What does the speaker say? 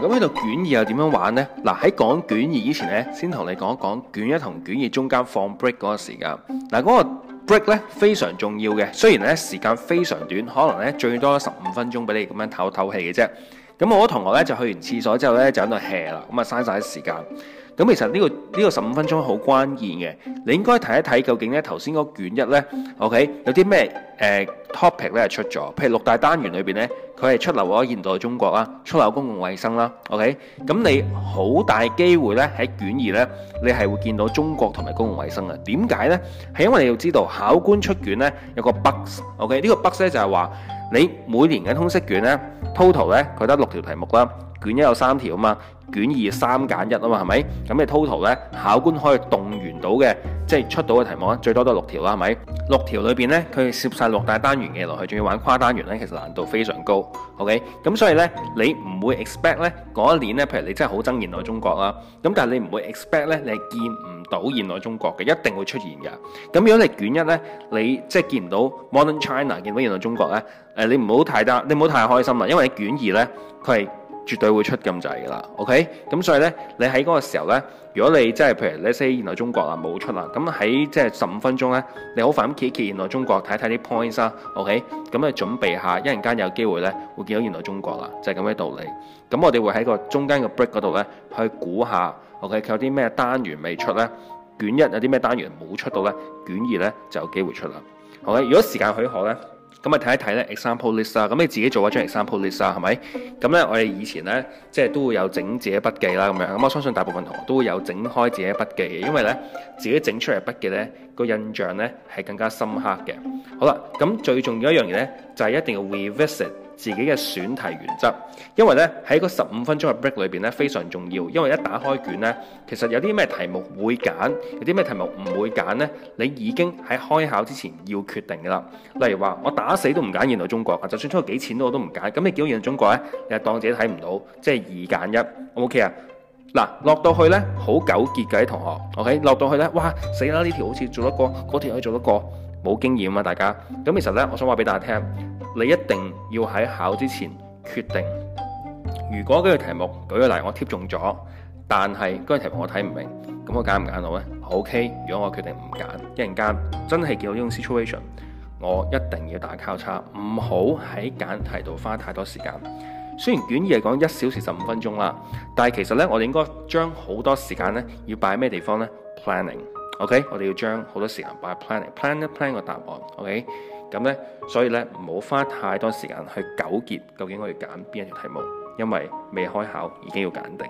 咁喺度卷二又點樣玩呢？嗱，喺講卷二之前呢，先同你講一講卷一同卷二中間放 break 嗰個時間。嗱，嗰個 break 呢非常重要嘅，雖然呢時間非常短，可能呢最多十五分鐘俾你咁樣透透氣嘅啫。咁我同學呢，就去完廁所之後呢，就喺度 hea 啦，咁啊嘥晒啲時間。咁其實呢個呢個十五分鐘好關鍵嘅，你應該睇一睇究竟呢頭先嗰卷一呢。OK，有啲咩誒 topic 呢？出咗，譬如六大單元裏邊呢，佢係出漏咗現代中國啦，出漏公共衛生啦，OK，咁你好大機會呢喺卷二呢，你係會見到中國同埋公共衛生啊。點解呢？係因為你要知道考官出卷呢有個 bugs，OK，呢個 bugs 呢就係話你每年嘅通識卷呢 total 呢，佢得六條題目啦，卷一有三條啊嘛。卷二三揀一啊嘛，係咪？咁你 total 咧，考官可以動員到嘅，即係出到嘅題目咧，最多都係六條啦，係咪？六條裏面咧，佢攝晒六大單元嘅落去，仲要玩跨單元咧，其實難度非常高。OK，咁所以咧，你唔會 expect 咧嗰一年咧，譬如你真係好憎現代中國啦，咁但係你唔會 expect 咧，你係見唔到現代中國嘅，一定會出現㗎。咁如果你卷一咧，你即係見唔到 modern China，見到現代中國咧，誒，你唔好太得，你唔好太開心啦，因為你卷二咧，佢係。絕對會出咁滯㗎啦，OK？咁所以呢，你喺嗰個時候呢，如果你真係譬如你 say 現代中國啊冇出啦，咁喺即係十五分鐘呢，你好快咁揭揭現代中國睇睇啲 point 啦，OK？咁你準備下，一陣間有機會呢會見到現代中國啦，就係咁嘅道理。咁我哋會喺個中間嘅 break 嗰度呢去估下 OK？佢有啲咩單元未出呢？卷一有啲咩單元冇出到呢？卷二呢就有機會出啦。OK，如果時間許可呢。咁咪睇一睇咧 example list 啊，咁你自己做一張 example list 啊，係咪？咁咧，我哋以前咧，即係都會有整自己筆記啦，咁樣。咁我相信大部分同學都會有整開自己筆記，因為咧自己整出嚟筆記咧個印象咧係更加深刻嘅。好啦，咁最重要一樣嘢咧就係、是、一定要 revisit。自己嘅選題原則，因為咧喺嗰十五分鐘嘅 break 裏邊咧非常重要，因為一打開卷咧，其實有啲咩題目會揀，有啲咩題目唔會揀咧，你已經喺開考之前要決定噶啦。例如話，我打死都唔揀現代中國啊，就算出到幾錢我都唔揀。咁你見到現代中國咧，你係當自己睇唔到，即係二揀一，OK 啊？嗱，落到去咧好糾結嘅啲同學，OK，落到去咧，哇，死啦！呢條好似做得過，嗰條可以做得過。好經驗啊，大家咁其實呢，我想話俾大家聽，你一定要喺考之前決定。如果嗰個題目舉個例，我貼中咗，但係嗰個題目我睇唔明，咁我揀唔揀到呢？OK。如果我決定唔揀，一陣間，真係見到呢種 situation，我一定要打交叉，唔好喺揀題度花太多時間。雖然卷二係講一小時十五分鐘啦，但係其實呢，我哋應該將好多時間呢，要擺喺咩地方呢？Planning OK，我哋要將好多時間擺喺 planning，plan 一 plan 個答案。OK，咁呢，所以呢，唔好花太多時間去糾結究竟我要揀邊一條題目，因為未開考已經要揀定。